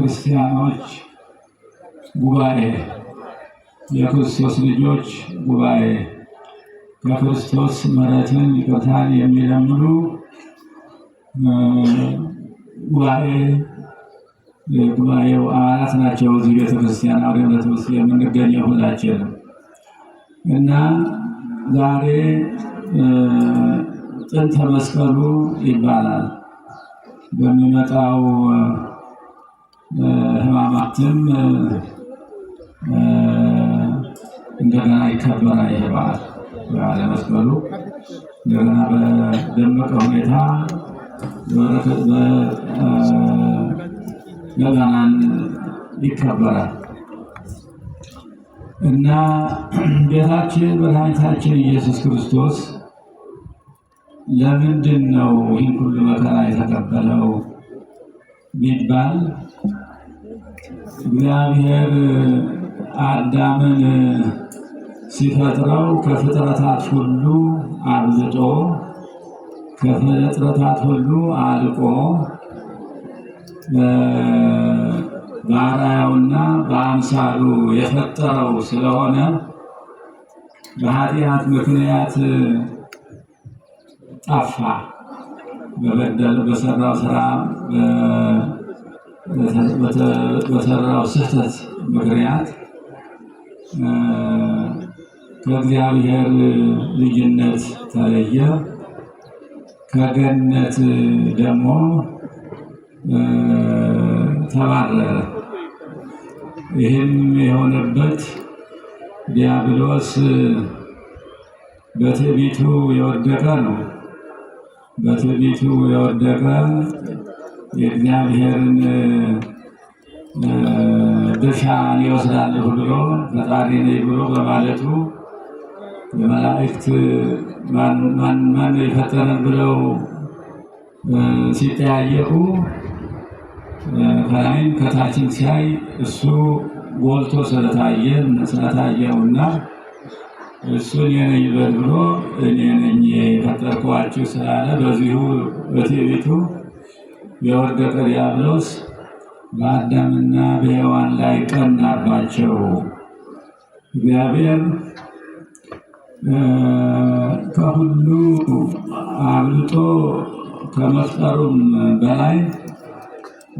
ክርስቲያኖች ጉባኤ፣ የክርስቶስ ልጆች ጉባኤ ለክርስቶስ ምሕረትን ይቅርታን የሚለምኑ ጉባኤ ጉባኤው አራት ናቸው። እዚህ ቤተክርስቲያን አብነት ውስጥ የምንገኘው ሁላችን እና ዛሬ ጥንተ መስቀሉ ይባላል በሚመጣው ህማማትም እንደገና ይከበራ ይሄ በዓል በዓለ መስቀሉ እንደገና በደመቀ ሁኔታ በገናን ይከበራል እና ጌታችን መድኃኒታችን ኢየሱስ ክርስቶስ ለምንድን ነው ይህን ሁሉ መከራ የተቀበለው ቢባል እግዚአብሔር አዳምን ሲፈጥረው ከፍጥረታት ሁሉ አብልጦ ከፍጥረታት ሁሉ አልቆ በአርአያውና በአምሳሉ የፈጠረው ስለሆነ በኃጢአት ምክንያት ጠፋ። በበደል በሰራው ስራ በተደረገው ስህተት ምክንያት ከእግዚአብሔር ልጅነት ተለየ። ከገነት ደግሞ ተባረረ። ይህም የሆነበት ዲያብሎስ በትዕቢቱ የወደቀ ነው። በትዕቢቱ የወደቀ የእግዚአብሔርን ድርሻ እኔ እወስዳለሁ ብሎ ፈጣሪ ነኝ ብሎ በማለቱ መላእክት ማን የፈጠረን ብለው ሲጠያየቁ ከላይም ከታችን ሲያይ እሱ ጎልቶ ስለታየ ስለታየውና እሱ እኔ ነኝ በል ብሎ እኔ ነኝ የፈጠርኳችሁ ስላለ በዚሁ በትዕቢቱ የወደቀ ዲያብሎስ በአዳምና በሔዋን ላይ ቀናባቸው። እግዚአብሔር ከሁሉ አብልጦ ከመፍጠሩም በላይ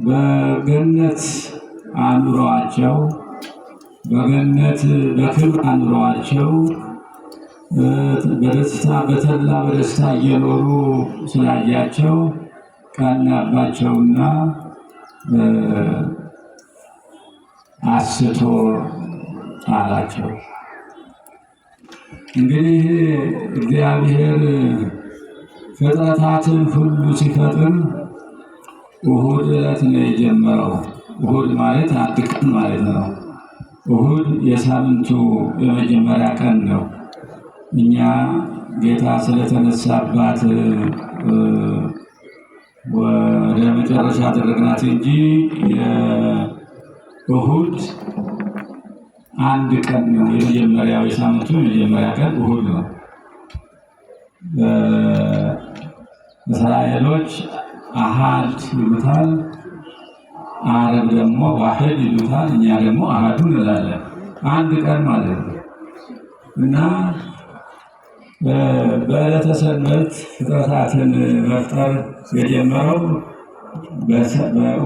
በገነት አኑረዋቸው በገነት በክብር አኑረዋቸው በደስታ በተላ በደስታ እየኖሩ ስላያቸው ቀናባቸውና አስቶ አላቸው። እንግዲህ እግዚአብሔር ፍጥረታትን ሁሉ ሲፈጥር እሁድ ዕለት ነው የጀመረው። እሁድ ማለት አንድ ቀን ማለት ነው። እሁድ የሳምንቱ የመጀመሪያ ቀን ነው። እኛ ጌታ ስለተነሳባት ወደ መጨረሻ ያደረግናት እንጂ እሁድ አንድ ቀን የመጀመሪያ የሳምንቱ የመጀመሪያ ቀን እሁድ ነው። እስራኤሎች አሃድ ይሉታል፣ አረብ ደግሞ ዋሂድ ይሉታል። እኛ ደግሞ አሃዱ እንላለን። አንድ ቀን ማለት ነው እና በዕለተ ሰንበት ፍጥረታትን መፍጠር የጀመረው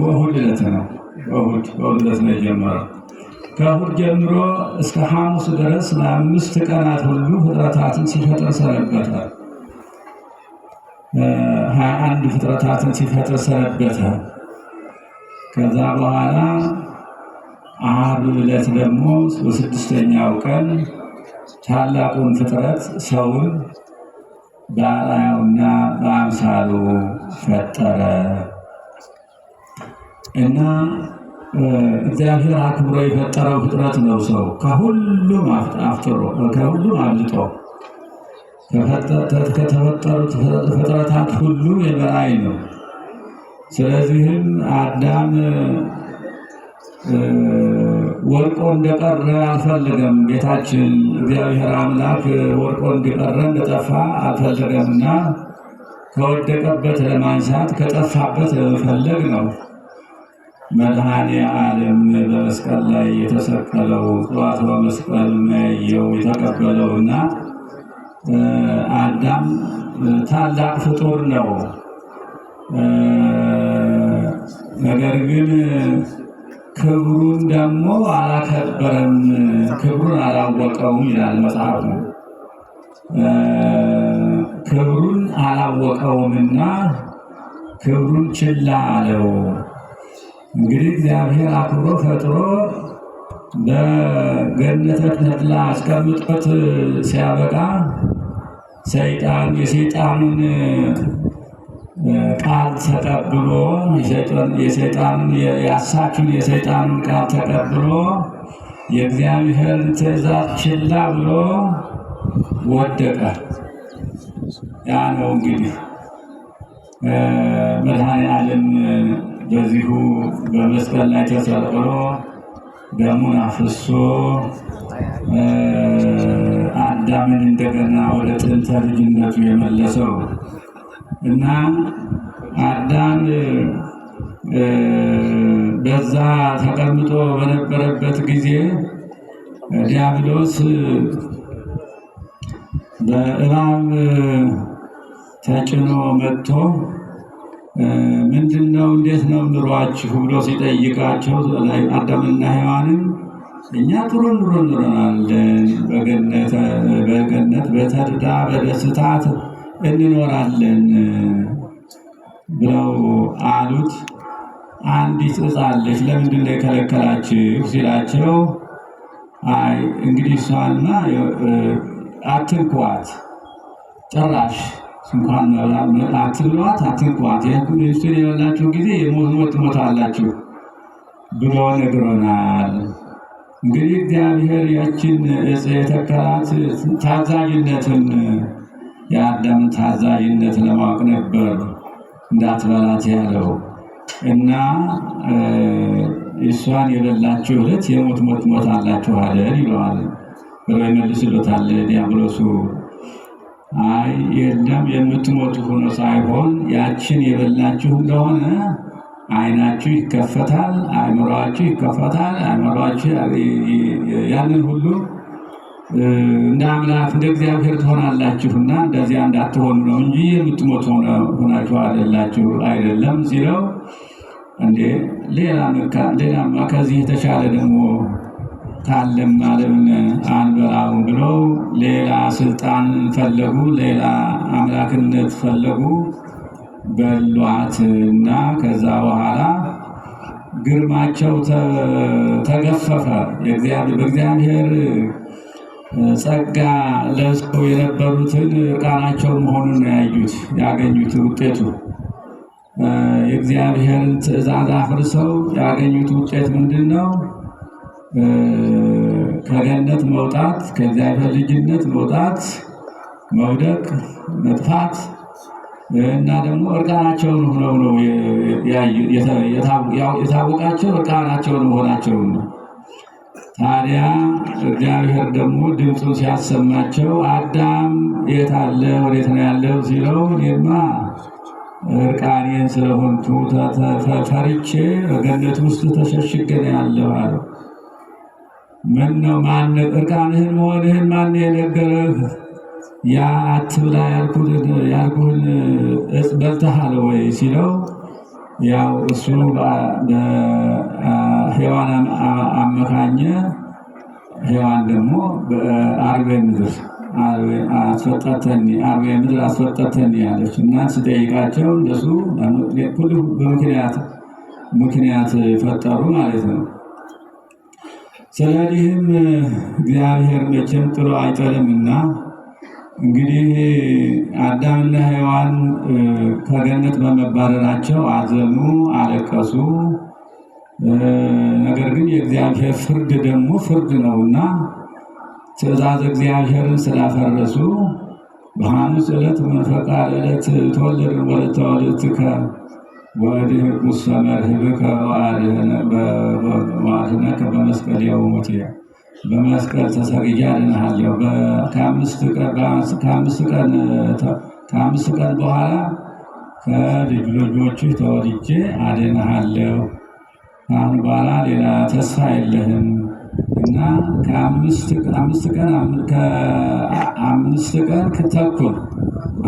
በእሑድ ዕለት ነው። በእሑድ ዕለት ነው የጀመረው። ከእሑድ ጀምሮ እስከ ሐሙስ ድረስ ለአምስት ቀናት ሁሉ ፍጥረታትን ሲፈጥር ሰነበተ። ሀያ አንድ ፍጥረታትን ሲፈጥር ሰነበተ። ከዛ በኋላ ዓርብ ዕለት ደግሞ በስድስተኛው ቀን ታላቁን ፍጥረት ሰውን በአርአያውና በአምሳሉ ፈጠረ እና እግዚአብሔር አክብሮ የፈጠረው ፍጥረት ነው ሰው ከሁሉም አፍጥሮ ከሁሉም አብልጦ ከተፈጠሩት ፍጥረታት ሁሉ የበላይ ነው። ስለዚህም አዳም ወርቆ እንደቀረ አልፈልገም ጌታችን እግዚአብሔር አምላክ ወርቆ እንደቀረ እንደጠፋ አልፈልገምና ከወደቀበት ለማንሳት ከጠፋበት ለመፈለግ ነው። መድኃኔ ዓለም በመስቀል ላይ የተሰቀለው ጠዋት በመስቀል የተቀበለው የተቀበለውና አዳም ታላቅ ፍጡር ነው። ነገር ግን ክብሩን ደግሞ አላከበረም፣ ክብሩን አላወቀውም ይላል መጽሐፍ ክብሩን አላወቀውምና ክብሩን ችላ አለው። እንግዲህ እግዚአብሔር አክብሮ ፈጥሮ በገነተ ተድላ አስቀምጦት ሲያበቃ ሰይጣን የሰይጣኑን ቃል ተቀብሎ የሰይጣን የአሳቹን የሰይጣን ቃል ተቀብሎ የእግዚአብሔር ትእዛዝ ችላ ብሎ ወደቀ። ያ ነው እንግዲህ መድኃኔዓለም በዚሁ በመስቀል ላይ ተሰቅሎ ደሙን አፍሶ አዳምን እንደገና ወደ ጥንተ ልጅነቱ የመለሰው እና አዳም በዛ ተቀምጦ በነበረበት ጊዜ ዲያብሎስ በእባብ ተጭኖ መጥቶ ምንድን ነው እንዴት ነው ኑሯችሁ ብሎ ሲጠይቃቸው አዳምና ሔዋንም እኛ ጥሩ ኑሮ ኑረናለን፣ በገነት በተድላ በደስታ እንኖራለን ብለው አሉት። አንዲት ሕፃን አለች ለምንድን ነው የከለከላችሁ ሲላቸው፣ አይ እንግዲህ እሷና አትንኳት ጭራሽ እንኳን አትብሏት አትንኳት፣ ሚኒስትር የበላችሁ ጊዜ የሞት ትሞታላችሁ ብሎ ነግሮናል። እንግዲህ እግዚአብሔር ያችን የተከላት ታዛዥነትን የአዳም ታዛዥነት ለማወቅ ነበር እንዳትበላት ያለው እና እሷን የበላችሁ እለት የሞት ሞት ሞት አላችሁ አይደል ይለዋል ብሎ ይመልስሎታል ዲያብሎሱ። አይ የለም የምትሞቱ ሆኖ ሳይሆን ያችን የበላችሁ እንደሆነ አይናችሁ ይከፈታል፣ አእምሯችሁ ይከፈታል። አእምሯችሁ ያንን ሁሉ እንደ አምላክ እንደ እግዚአብሔር ትሆናላችሁ እና እንደዚያ እንዳትሆኑ ነው እንጂ የምትሞት ሆናችሁ አይደላችሁ አይደለም ሲለው፣ እንዴ ሌላማ ከዚህ የተሻለ ደግሞ ካለም ማለምን አንበራው ብለው ሌላ ስልጣን ፈለጉ፣ ሌላ አምላክነት ፈለጉ። በሏት እና ከዛ በኋላ ግርማቸው ተገፈፈ በእግዚአብሔር ጸጋ ለብሰው የነበሩትን እርቃናቸው መሆኑን ያዩት ያገኙት ውጤቱ የእግዚአብሔርን ትእዛዝ አፍርሰው ያገኙት ውጤት ምንድን ነው? ከገነት መውጣት፣ ከእግዚአብሔር ልጅነት መውጣት፣ መውደቅ፣ መጥፋት እና ደግሞ እርቃናቸውን ሆነው ነው የታወቃቸው። እርቃናቸውን መሆናቸውን ነው ታዲያ እግዚአብሔር ደግሞ ድምፁ ሲያሰማቸው አዳም የት አለ ወዴት ነው ያለው ሲለው እኔማ እርቃኔን ስለሆንቱ ፈርቼ በገነት ውስጥ ተሸሽገን ያለው አለ። ምን ነው ማን እርቃንህን መሆንህን ማን የነገረህ? ያ አትብላ ያልኩህን እጽ በልተሃል ወይ ሲለው ያው እሱ በሔዋን አመካኘ ሔዋን ደግሞ አርቤ ምድር አስፈጠተኒ አርቤ ምድር አስፈጠተኒ ያለች እና ስጠይቃቸው እንደሱ ሁሉ በምክንያት ምክንያት ፈጠሩ ማለት ነው። ስለዚህም እግዚአብሔር መቼም ጥሎ አይጠልምና እንግዲህ አዳምና ሔዋን ከገነት በመባረራቸው አዘኑ፣ አለቀሱ። ነገር ግን የእግዚአብሔር ፍርድ ደግሞ ፍርድ ነውና ትእዛዝ እግዚአብሔርን ስላፈረሱ በሐሙስ ዕለት መንፈቃ ዕለት ተወለድን ወለተ ወለትከ ወድህቁ ሰመርህብከ በመስቀል እያ በመስቀል ተሰግጄ አድንሃለሁ። ከአምስት ቀን በኋላ ከልጅ ልጆችህ ተወልጄ አድንሃለሁ። ከአሁን በኋላ ሌላ ተስፋ የለህም እና ከአምስት ቀን ከአምስት ቀን ተኩል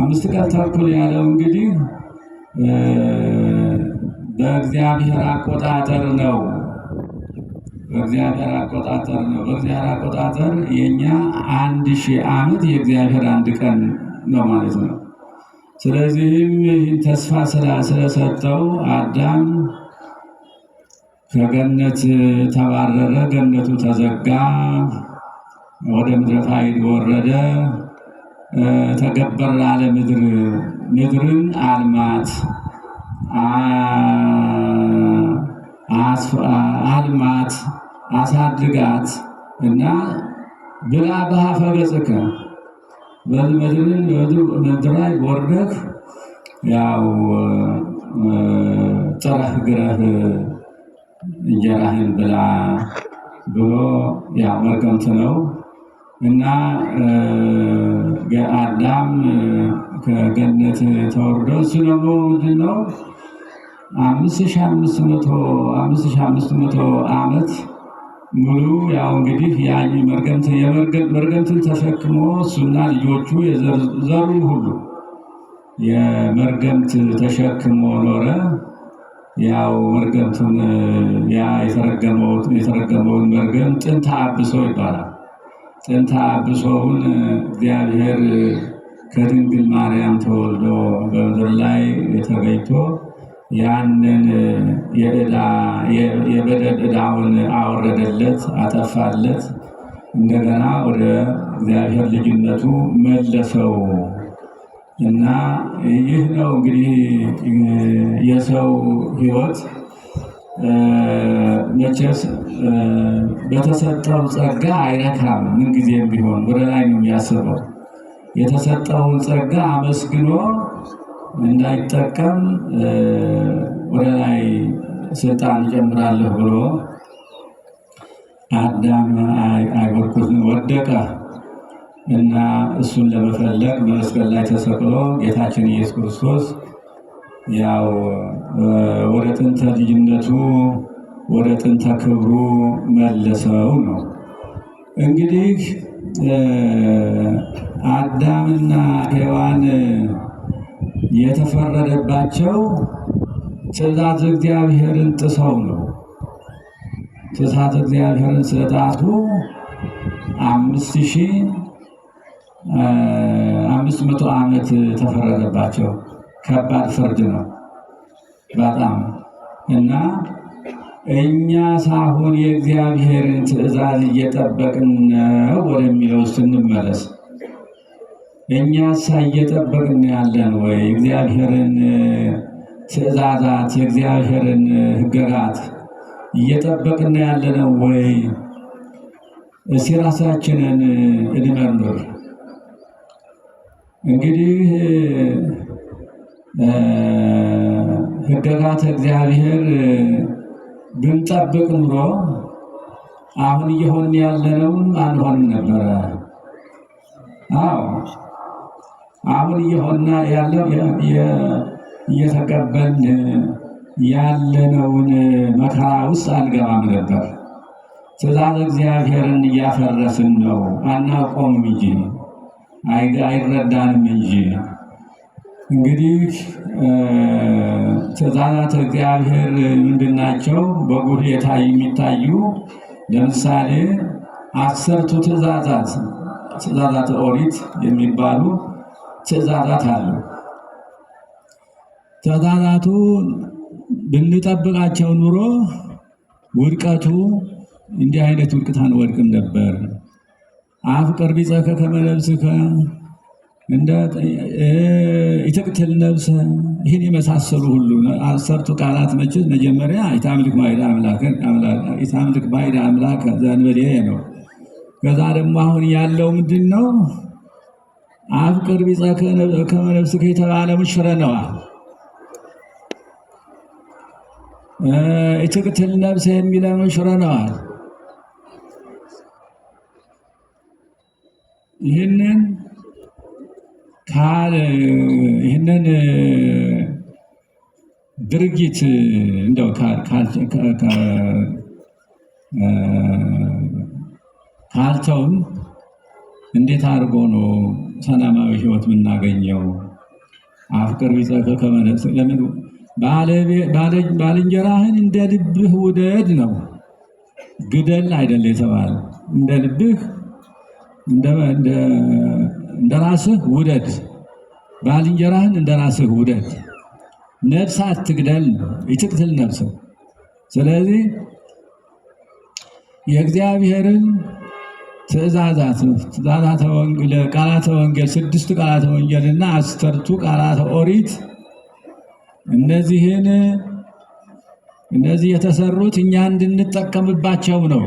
አምስት ቀን ተኩል ያለው እንግዲህ በእግዚአብሔር አቆጣጠር ነው። በእግዚአብሔር አቆጣጠር ነው። በእግዚአብሔር አቆጣጠር የእኛ አንድ ሺህ ዓመት የእግዚአብሔር አንድ ቀን ነው ማለት ነው። ስለዚህም ይህን ተስፋ ስለሰጠው አዳም ከገነት ተባረረ፣ ገነቱ ተዘጋ፣ ወደ ምድረ ፋይድ ወረደ፣ ተገበረ አለ ምድር ምድርን አልማት አልማት፣ አሳድጋት እና ብላ በሀፈ ገጽከ በምድርን በምድራይ ወርደህ ያው ጥረህ ግረህ እንጀራህን ብላ ብሎ ያው መርገምት ነው እና አዳም ከገነት ተወርዶ እሱ ደግሞ ምንድን ነው አምስት ሺህ አምስት መቶ አምስት ዓመት ሙሉ ያው እንግዲህ ያኝ መርገምትን ተሸክሞ እሱና ልጆቹ የዘሩን ሁሉ የመርገምት ተሸክሞ ኖረ። ያው መርገምቱን ያ የተረገመውን መርገም ጥንተ አብሶ ይባላል። ጥንተ አብሶውን እግዚአብሔር ከድንግል ማርያም ተወልዶ በምድር ላይ የተገኝቶ ያንን የበደል ዕዳውን አወረደለት፣ አጠፋለት። እንደገና ወደ እግዚአብሔር ልጅነቱ መለሰው እና ይህ ነው እንግዲህ የሰው ሕይወት መቼስ በተሰጠው ጸጋ አይረካም። ምንጊዜም ቢሆን ወደ ላይ ነው የሚያስበው። የተሰጠውን ጸጋ አመስግኖ እንዳይጠቀም ወደ ላይ ስልጣን እጨምራለሁ ብሎ አዳም አይጎርኩትን ወደቀ እና እሱን ለመፈለግ በመስቀል ላይ ተሰቅሎ ጌታችን ኢየሱስ ክርስቶስ ያው ወደ ጥንተ ልጅነቱ ወደ ጥንተ ክብሩ መለሰው ነው። እንግዲህ አዳምና ሔዋን የተፈረደባቸው ትእዛዝ እግዚአብሔርን ጥሰው ነው። ትእዛዝ እግዚአብሔርን ስለጣቱ አምስት ሺህ አምስት መቶ ዓመት ተፈረደባቸው። ከባድ ፍርድ ነው በጣም እና እኛ ሳሁን የእግዚአብሔርን ትእዛዝ እየጠበቅን ነው ወደሚለው ስንመለስ እኛስ እየጠበቅን ያለን ወይ እግዚአብሔርን ትእዛዛት የእግዚአብሔርን ሕግጋት እየጠበቅን ያለን ወይ? እስቲ ራሳችንን እንመርምር። እንግዲህ ሕግጋት እግዚአብሔር ብንጠብቅ ኑሮ አሁን እየሆንን ያለነውን አንሆንም ነበረ። አዎ አሁን እየሆነ ያለው እየተቀበልን ያለነውን መከራ ውስጥ አልገባም ነበር። ትእዛዝ እግዚአብሔርን እያፈረስን ነው። አናቆምም እንጂ አይረዳንም እንጂ እንግዲህ ትእዛዛት እግዚአብሔር ምንድናቸው? በጉህ የሚታዩ ለምሳሌ አሰርቱ ትእዛዛት ትእዛዛት ኦሪት የሚባሉ ትእዛዛት አሉ። ትእዛዛቱ ብንጠብቃቸው ኑሮ ውድቀቱ እንዲህ አይነት ውድቀት አንወድቅም ነበር። አፍቅር ቢጸከ ከመ ነፍስከ እንደ ይትቅትል ነፍሰ ይህን የመሳሰሉ ሁሉ አሰርቱ ቃላት መችት መጀመሪያ ኢታምልክ ባዕድ አምላከ ዘእንበሌየ ነው። ከዛ ደግሞ አሁን ያለው ምንድን ነው? አፍቅር ቢጸከ ከመነፍስከ የተባለ ሙሽረ ነዋ እትቅትል ነብሰ የሚለ ሙሽረ ነዋ። ይህንን ካል ይህንን ድርጊት እንደው ካልተውም እንዴት አድርጎ ነው ሰላማዊ ህይወት ምናገኘው? አፍቅር ቢጸቅ ከመነፍስ ለምን ባልንጀራህን እንደ ልብህ ውደድ ነው። ግደል አይደለ የተባለ እንደ ልብህ እንደ ራስህ ውደድ፣ ባልንጀራህን እንደ ራስህ ውደድ። ነፍስ አትግደል፣ ይትቅትል ነፍስ። ስለዚህ የእግዚአብሔርን ትእዛዛት ቃላተ ወንጌል ስድስቱ ቃላተ ወንጌል እና አስርቱ ቃላተ ኦሪት እነዚህን እነዚህ የተሰሩት እኛ እንድንጠቀምባቸው ነው።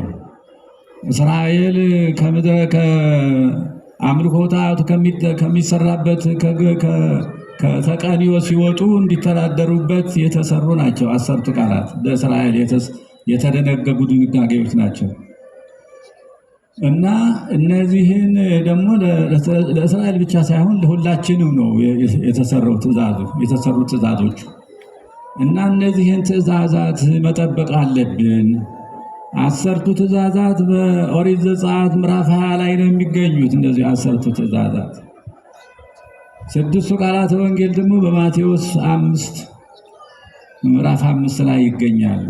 እስራኤል ከምድረ ከአምልኮ ጣዖት ከሚሰራበት ከተቀኒዮ ሲወጡ እንዲተዳደሩበት የተሰሩ ናቸው። አሰርቱ ቃላት ለእስራኤል የተደነገጉ ድንጋጌዎች ናቸው። እና እነዚህን ደግሞ ለእስራኤል ብቻ ሳይሆን ለሁላችንም ነው የተሰሩ ትእዛዞቹ እና እነዚህን ትእዛዛት መጠበቅ አለብን። አሰርቱ ትእዛዛት በኦሪት ዘጸአት ምዕራፍ ሃያ ላይ ነው የሚገኙት። እነዚህ አሰርቱ ትእዛዛት ስድስቱ ቃላተ ወንጌል ደግሞ በማቴዎስ አምስት ምዕራፍ አምስት ላይ ይገኛሉ።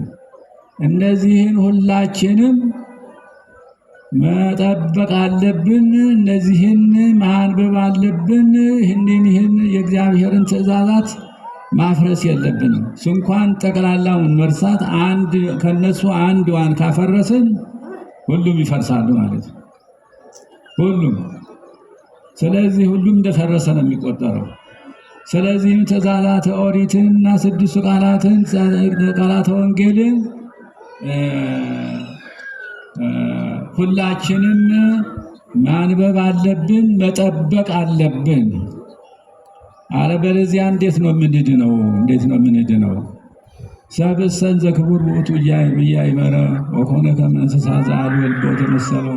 እነዚህን ሁላችንም መጠበቅ አለብን። እነዚህን ማንበብ አለብን። ይህንን ይህን የእግዚአብሔርን ትእዛዛት ማፍረስ የለብንም። ስንኳን ጠቅላላውን መርሳት አንድ ከነሱ አንዷን ካፈረስን ሁሉም ይፈርሳሉ ማለት ሁሉም ስለዚህ ሁሉም እንደፈረሰ ነው የሚቆጠረው። ስለዚህም ትእዛዛተ ኦሪትን እና ስድስቱ ቃላትን ቃላተ ወንጌልን ሁላችንም ማንበብ አለብን፣ መጠበቅ አለብን። አለበለዚያ እንዴት ነው የምንድ ነው? እንዴት ነው የምንድ ነው? ሰብሰን ዘክቡር ውእቱ ኢያእመረ ወኮነ ከመ እንስሳ ዘአልቦ ወልቦ ተመሰለው።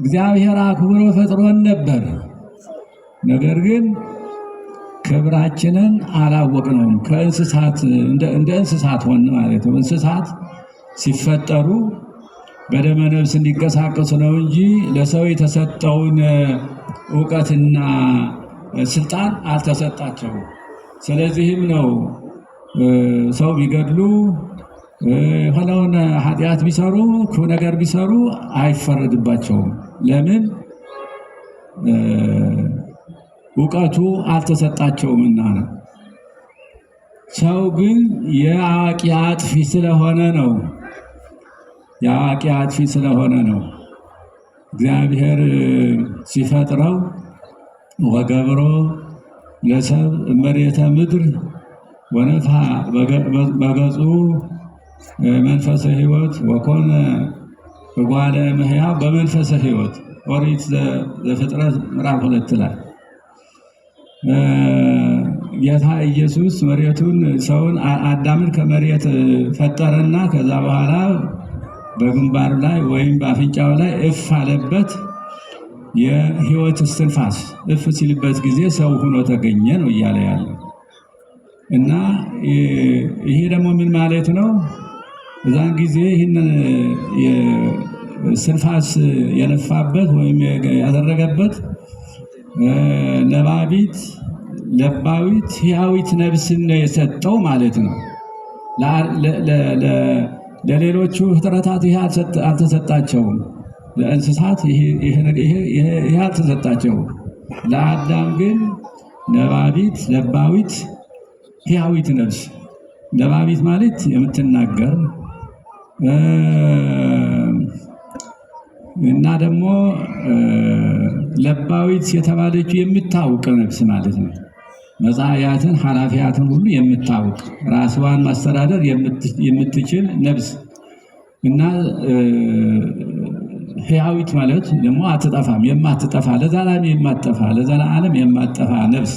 እግዚአብሔር አክብሮ ፈጥሮን ነበር። ነገር ግን ክብራችንን አላወቅነውም። ከእንስሳት እንደ እንስሳት ሆን ማለት ነው። እንስሳት ሲፈጠሩ በደመ ነብስ እንዲንቀሳቀሱ ነው እንጂ ለሰው የተሰጠውን እውቀትና ስልጣን አልተሰጣቸውም። ስለዚህም ነው ሰው ቢገድሉ የሆነውን ኃጢአት ቢሰሩ ክፉ ነገር ቢሰሩ አይፈረድባቸውም። ለምን? እውቀቱ አልተሰጣቸውምና ነው። ሰው ግን የአዋቂ አጥፊ ስለሆነ ነው የአዋቂ ፊት ስለሆነ ነው። እግዚአብሔር ሲፈጥረው ወገብሮ ለሰብ መሬተ ምድር ወነፍሐ በገጹ መንፈሰ ሕይወት ወኮነ እጓለ መህያ በመንፈሰ ሕይወት ኦሪት ዘፍጥረት ምዕራፍ ሁለት ላይ ጌታ ኢየሱስ መሬቱን ሰውን አዳምን ከመሬት ፈጠረና ከዛ በኋላ በግንባር ላይ ወይም በአፍንጫው ላይ እፍ አለበት። የህይወት እስትንፋስ እፍ ሲልበት ጊዜ ሰው ሆኖ ተገኘ ነው እያለ ያለው እና ይሄ ደግሞ ምን ማለት ነው? እዛን ጊዜ ይህን ስንፋስ የነፋበት ወይም ያደረገበት ለባቢት ለባዊት ህያዊት ነብስን ነው የሰጠው ማለት ነው። ለሌሎቹ ፍጥረታት ይህ አልተሰጣቸውም። ለእንስሳት ይህ አልተሰጣቸውም። ለአዳም ግን ነባቢት ለባዊት ህያዊት ነብስ ነባቢት ማለት የምትናገር እና ደግሞ ለባዊት የተባለችው የምታውቅ ነፍስ ማለት ነው። መጻያትን ኃላፊያትን ሁሉ የምታውቅ ራስዋን ማስተዳደር የምትችል ነብስ እና ህያዊት ማለት ደግሞ አትጠፋም፣ የማትጠፋ ለዘላለም የማትጠፋ ለዘላለም የማትጠፋ ነብስ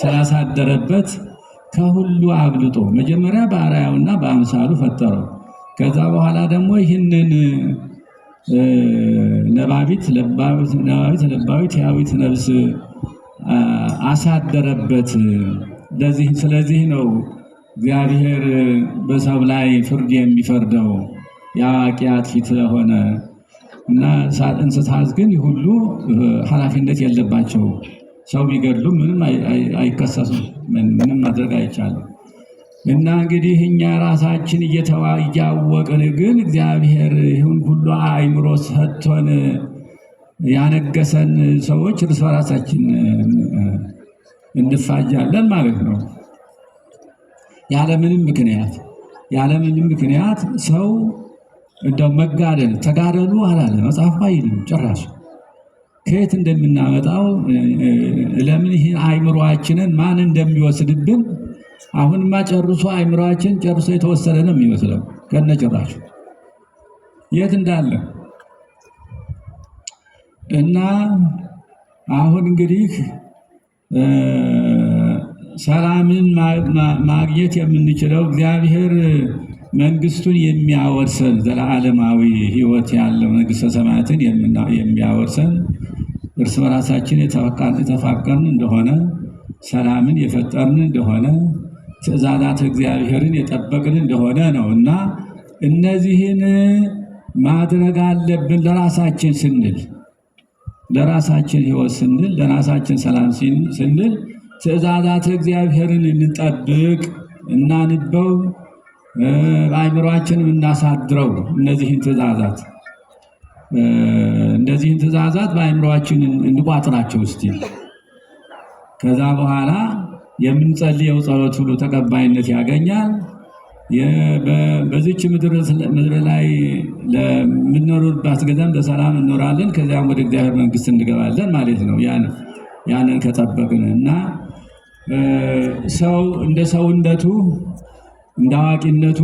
ስላሳደረበት ከሁሉ አብልጦ መጀመሪያ በአርአያውና በአምሳሉ ፈጠረው። ከዛ በኋላ ደግሞ ይህንን ነባቢት ነባቢት ለባዊት ህያዊት ነብስ አሳደረበት። ስለዚህ ነው እግዚአብሔር በሰው ላይ ፍርድ የሚፈርደው የአዋቂያት ፊት ስለሆነ እና እንስሳት ግን ሁሉ ኃላፊነት የለባቸው። ሰው ቢገድሉ ምንም አይከሰሱም፣ ምንም ማድረግ አይቻልም። እና እንግዲህ እኛ ራሳችን እየተዋ እያወቅን ግን እግዚአብሔር ይህን ሁሉ አይምሮ ሰጥቶን ያነገሰን ሰዎች እርስ በራሳችን እንፋጃለን ማለት ነው። ያለምንም ምክንያት ያለምንም ምክንያት ሰው እንደው መጋደል ተጋደሉ አላለ መጽሐፍ አይልም ጭራሽ። ከየት እንደምናመጣው ለምን ይህን አእምሯችንን ማን እንደሚወስድብን አሁንማ ጨርሶ አእምሯችን ጨርሶ የተወሰደ ነው የሚመስለው ከነ ጭራሽ የት እንዳለ እና አሁን እንግዲህ ሰላምን ማግኘት የምንችለው እግዚአብሔር መንግስቱን የሚያወርሰን ዘለዓለማዊ ህይወት ያለው መንግስተ ሰማያትን የሚያወርሰን እርስ በራሳችን የተፋቀርን እንደሆነ ሰላምን የፈጠርን እንደሆነ ትእዛዛት እግዚአብሔርን የጠበቅን እንደሆነ ነው እና እነዚህን ማድረግ አለብን ለራሳችን ስንል ለራሳችን ህይወት ስንል ለራሳችን ሰላም ስንል ትእዛዛት እግዚአብሔርን እንጠብቅ እናንበው፣ በአእምሯችንም እናሳድረው። እነዚህን ትእዛዛት እነዚህን ትእዛዛት በአእምሯችን እንቋጥራቸው እስቲ። ከዛ በኋላ የምንጸልየው ጸሎት ሁሉ ተቀባይነት ያገኛል። በዚች ምድር ላይ ለምንኖርባት ገዛም በሰላም እንኖራለን። ከዚያም ወደ እግዚአብሔር መንግስት እንገባለን ማለት ነው። ያንን ከጠበቅን እና ሰው እንደ ሰውነቱ እንደ አዋቂነቱ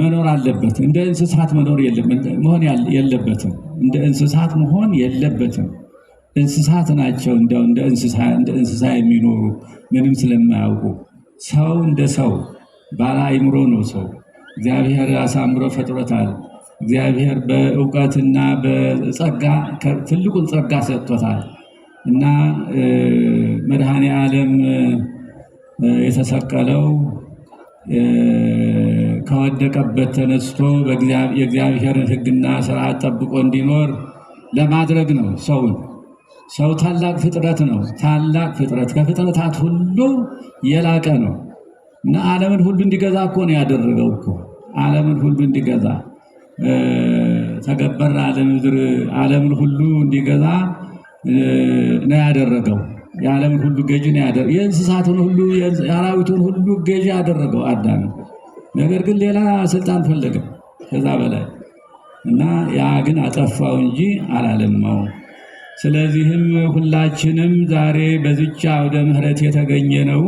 መኖር አለበት። እንደ እንስሳት መኖር መሆን የለበትም። እንደ እንስሳት መሆን የለበትም። እንስሳት ናቸው እንደ እንስሳ የሚኖሩ ምንም ስለማያውቁ ሰው እንደ ሰው ባለ አይምሮ ነው ሰው። እግዚአብሔር አሳምሮ ፈጥሮታል። እግዚአብሔር በእውቀትና በጸጋ ትልቁን ጸጋ ሰጥቶታል እና መድኃኔ ዓለም የተሰቀለው ከወደቀበት ተነስቶ የእግዚአብሔርን ሕግና ስርዓት ጠብቆ እንዲኖር ለማድረግ ነው ሰውን። ሰው ታላቅ ፍጥረት ነው። ታላቅ ፍጥረት ከፍጥረታት ሁሉ የላቀ ነው። እና ዓለምን ሁሉ እንዲገዛ እኮ ነው ያደረገው እኮ ዓለምን ሁሉ እንዲገዛ ተገበረ ለምድር ዓለምን ሁሉ እንዲገዛ ነው ያደረገው። የዓለምን ሁሉ ገዥ ነው ያደረ የእንስሳትን ሁሉ የአራዊቱን ሁሉ ገዥ ያደረገው አዳም። ነገር ግን ሌላ ስልጣን ፈለገ ከዛ በላይ እና ያ ግን አጠፋው እንጂ አላለማው። ስለዚህም ሁላችንም ዛሬ በዚች አውደ ምሕረት የተገኘ ነው።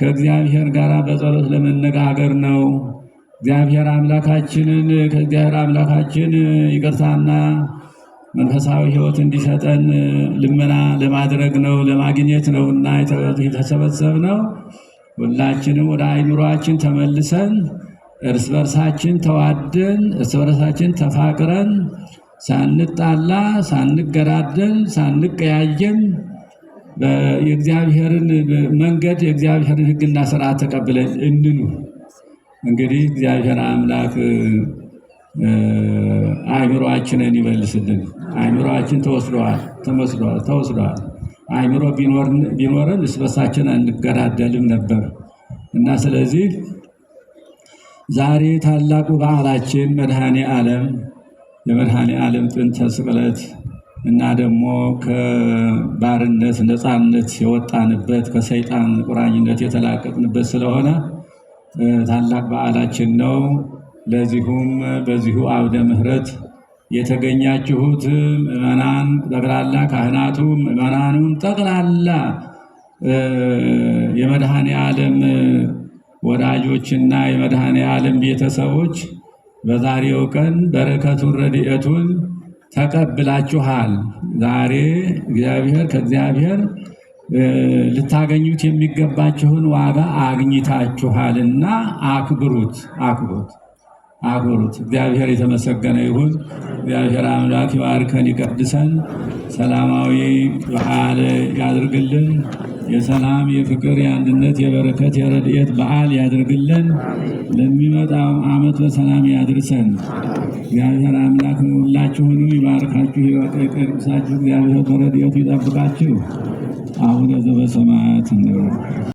ከእግዚአብሔር ጋር በጸሎት ለመነጋገር ነው። እግዚአብሔር አምላካችንን ከእግዚአብሔር አምላካችን ይቅርታና መንፈሳዊ ሕይወት እንዲሰጠን ልመና ለማድረግ ነው ለማግኘት ነው እና የተሰበሰብ ነው። ሁላችንም ወደ አይምሯችን ተመልሰን እርስ በርሳችን ተዋደን እርስ በርሳችን ተፋቅረን ሳንጣላ ሳንገዳደል ሳንቀያየም የእግዚአብሔርን መንገድ የእግዚአብሔርን ሕግና ስርዓት ተቀብለን እንኑር። እንግዲህ እግዚአብሔር አምላክ አእምሮአችንን ይመልስልን። አእምሮአችን ተወስደዋል ተወስደዋል። አእምሮ ቢኖረን እስበሳችን አንገዳደልም ነበር እና ስለዚህ ዛሬ ታላቁ በዓላችን መድኃኔ ዓለም የመድኃኔ ዓለም ጥንተ ስቅለት እና ደግሞ ከባርነት ነፃነት የወጣንበት ከሰይጣን ቁራኝነት የተላቀቅንበት ስለሆነ ታላቅ በዓላችን ነው። ለዚሁም በዚሁ አውደ ምሕረት የተገኛችሁት ምዕመናን ጠቅላላ ካህናቱ፣ ምዕመናኑም ጠቅላላ የመድኃኔ ዓለም ወዳጆችና የመድኃኔ ዓለም ቤተሰቦች በዛሬው ቀን በረከቱን ረድኤቱን ተቀብላችኋል። ዛሬ እግዚአብሔር ከእግዚአብሔር ልታገኙት የሚገባችሁን ዋጋ አግኝታችኋልና አክብሩት አክብሩት አክብሩት። እግዚአብሔር የተመሰገነ ይሁን። እግዚአብሔር አምላክ ይባርከን፣ ይቀድሰን፣ ሰላማዊ በዓል ያድርግልን። የሰላም የፍቅር የአንድነት የበረከት የረድኤት በዓል ያድርግልን። ለሚመጣው ዓመት በሰላም ያድርሰን። እግዚአብሔር አምላክ ሁላችሁንም ይባርካችሁ፣ ሕይወት ይቀድሳችሁ። እግዚአብሔር በረድኤቱ ይጠብቃችሁ። አቡነ ዘበሰማያት